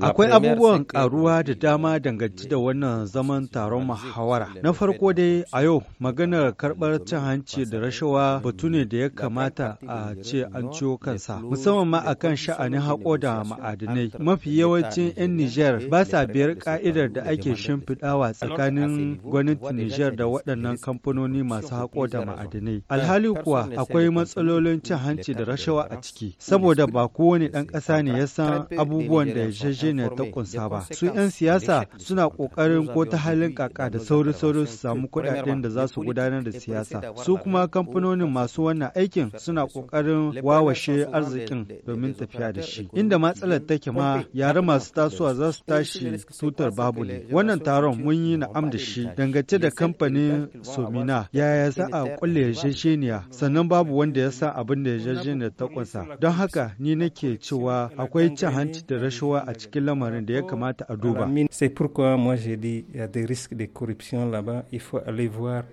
Akwai abubuwan karuwa da dama danganci da wannan zaman taron muhawara. Na farko dai a yau maganar karɓar cin hanci da rashawa batu ne da ya kamata a ce an ciwo kansa, musamman ma akan sha'anin hako da ma'adinai. Mafi yawancin 'yan Nijar ba sa biyar ka'idar da ake shimfiɗawa tsakanin gwamnatin Nijar da waɗannan kamfanoni masu haƙo da ma'adinai. Alhali kuwa akwai matsalolin cin hanci da rashawa a ciki, saboda ba kowane ɗan ƙasa ne ya san abubuwan da yarjejeniyar ta kunsa ba. Su 'yan siyasa suna ƙoƙarin ko ta halin kaka da sauri-sauri su samu kuɗaɗen da za su gudanar da siyasa. Su kuma kamfanonin masu wannan aikin suna ƙoƙarin wawashe arzikin domin tafiya da shi. Inda matsalar take ma yare masu tasowa za su tashi tutar babu ne. Wannan taron mun yi na'am da shi dangance da kamfanin Somina yaya za a kulle yarjejeniya sannan babu wanda ya san abin da yarjejeniya ta kunsa. Don haka ni nake C'est pourquoi moi j'ai dit il y a des risques de corruption là-bas, il faut aller voir